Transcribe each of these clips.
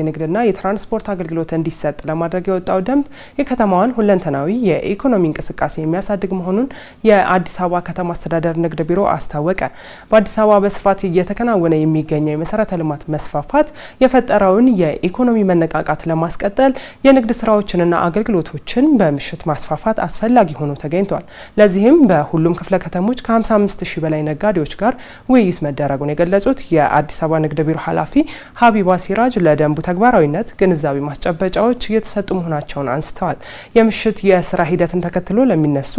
የንግድና የትራንስፖርት አገልግሎት እንዲሰጥ ለማድረግ የወጣው ደንብ የከተማዋን ሁለንተናዊ የኢኮኖሚ እንቅስቃሴ የሚያሳድግ መሆኑን የአዲስ አበባ ከተማ አስተዳደር ንግድ ቢሮ አስታወቀ። በአዲስ አበባ በስፋት እየተከናወነ የሚገኘው የመሰረተ ልማት መስፋፋት የፈጠረውን የኢኮኖሚ መነቃቃት ለማስቀጠል የንግድ ስራዎችንና አገልግሎቶችን በምሽት ማስፋፋት አስፈላጊ ሆኖ ተገኝቷል። ለዚህም በሁሉም ክፍለ ከተሞች ከ55 ሺህ በላይ ነጋዴዎች ጋር ውይይት መደረጉን የገለጹት የአዲስ አበባ ንግድ ቢሮ ኃላፊ ሀቢባ ሲራጅ ለደንቡ ተግባራዊነት ግንዛቤ ማስጨበጫዎች እየተሰጡ መሆናቸውን አንስተዋል። የምሽት የስራ ሂደትን ተከትሎ ለሚነሱ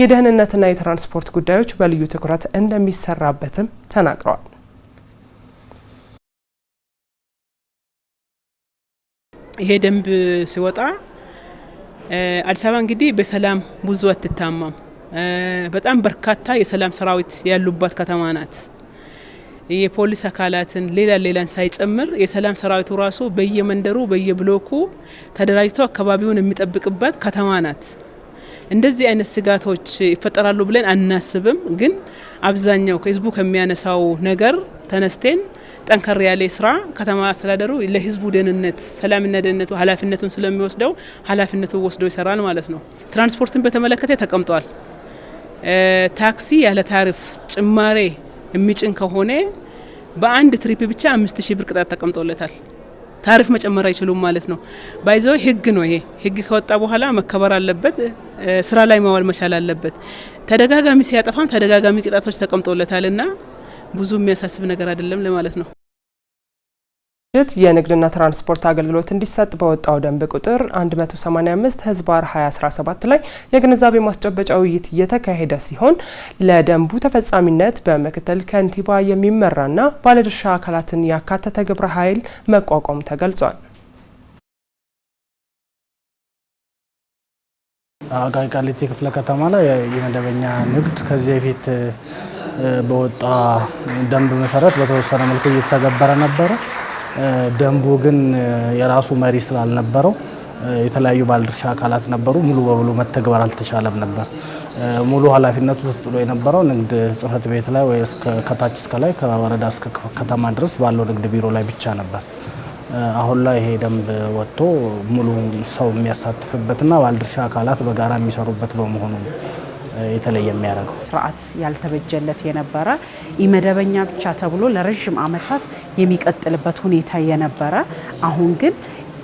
የደህንነትና የትራንስፖርት ጉዳዮች በልዩ ትኩረት እንደሚሰራበትም ተናግረዋል። ይሄ ደንብ ሲወጣ አዲስ አበባ እንግዲህ በሰላም ብዙ አትታማም። በጣም በርካታ የሰላም ሰራዊት ያሉባት ከተማ ናት። የፖሊስ አካላትን ሌላ ሌላን ሳይጨምር የሰላም ሰራዊቱ ራሱ በየመንደሩ በየብሎኩ ተደራጅቶ አካባቢውን የሚጠብቅበት ከተማ ናት። እንደዚህ አይነት ስጋቶች ይፈጠራሉ ብለን አናስብም። ግን አብዛኛው ከህዝቡ ከሚያነሳው ነገር ተነስቴን ጠንከር ያለ ስራ ከተማ አስተዳደሩ ለህዝቡ ደህንነት፣ ሰላምና ደህንነቱ ኃላፊነቱን ስለሚወስደው ኃላፊነቱ ወስዶ ይሰራል ማለት ነው። ትራንስፖርትን በተመለከተ ተቀምጧል። ታክሲ ያለ ታሪፍ ጭማሬ የሚጭን ከሆነ በአንድ ትሪፕ ብቻ አምስት ሺህ ብር ቅጣት ተቀምጦለታል። ታሪፍ መጨመር አይችሉም ማለት ነው። ባይዘ ህግ ነው ይሄ። ህግ ከወጣ በኋላ መከበር አለበት፣ ስራ ላይ መዋል መቻል አለበት። ተደጋጋሚ ሲያጠፋም ተደጋጋሚ ቅጣቶች ተቀምጦለታል እና ብዙ የሚያሳስብ ነገር አይደለም ለማለት ነው። ት የንግድና ትራንስፖርት አገልግሎት እንዲሰጥ በወጣው ደንብ ቁጥር 185 ህዝባር 2017 ላይ የግንዛቤ ማስጨበጫ ውይይት እየተካሄደ ሲሆን ለደንቡ ተፈጻሚነት በምክትል ከንቲባ የሚመራና ባለድርሻ አካላትን ያካተተ ግብረ ኃይል መቋቋሙ ተገልጿል። አቃቂ ቃሊቲ ክፍለ ከተማ ላይ የመደበኛ ንግድ ከዚህ በፊት በወጣ ደንብ መሰረት በተወሰነ መልኩ እየተገበረ ነበረ። ደንቡ ግን የራሱ መሪ ስላልነበረው የተለያዩ ባለድርሻ አካላት ነበሩ፣ ሙሉ በሙሉ መተግበር አልተቻለም ነበር። ሙሉ ኃላፊነቱ ተጥሎ የነበረው ንግድ ጽህፈት ቤት ላይ ወይ ከታች እስከ ላይ ከወረዳ እስከ ከተማ ድረስ ባለው ንግድ ቢሮ ላይ ብቻ ነበር። አሁን ላይ ይሄ ደንብ ወጥቶ ሙሉ ሰው የሚያሳትፍበትና ባለድርሻ አካላት በጋራ የሚሰሩበት በመሆኑ የተለየ የሚያደርገው ስርዓት ያልተበጀለት የነበረ ኢመደበኛ ብቻ ተብሎ ለረዥም ዓመታት የሚቀጥልበት ሁኔታ የነበረ አሁን ግን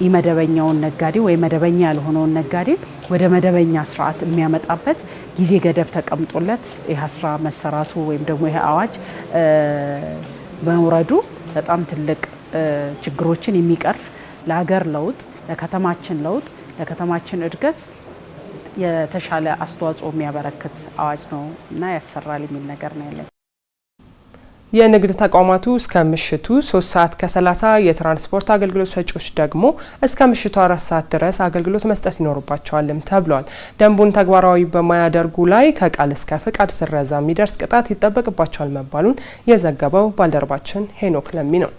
ኢመደበኛውን ነጋዴ ወይም መደበኛ ያልሆነውን ነጋዴ ወደ መደበኛ ስርዓት የሚያመጣበት ጊዜ ገደብ ተቀምጦለት ይህ ስራ መሰራቱ ወይም ደግሞ ይህ አዋጅ መውረዱ በጣም ትልቅ ችግሮችን የሚቀርፍ ለሀገር ለውጥ፣ ለከተማችን ለውጥ፣ ለከተማችን እድገት የተሻለ አስተዋጽኦ የሚያበረክት አዋጅ ነው እና ያሰራል የሚል ነገር ነው ያለን። የንግድ ተቋማቱ እስከ ምሽቱ 3 ሰዓት ከ30 የትራንስፖርት አገልግሎት ሰጪዎች ደግሞ እስከ ምሽቱ 4 ሰዓት ድረስ አገልግሎት መስጠት ይኖርባቸዋልም ተብሏል። ደንቡን ተግባራዊ በማያደርጉ ላይ ከቃል እስከ ፍቃድ ስረዛ የሚደርስ ቅጣት ይጠበቅባቸዋል መባሉን የዘገበው ባልደረባችን ሄኖክ ለሚ ነው።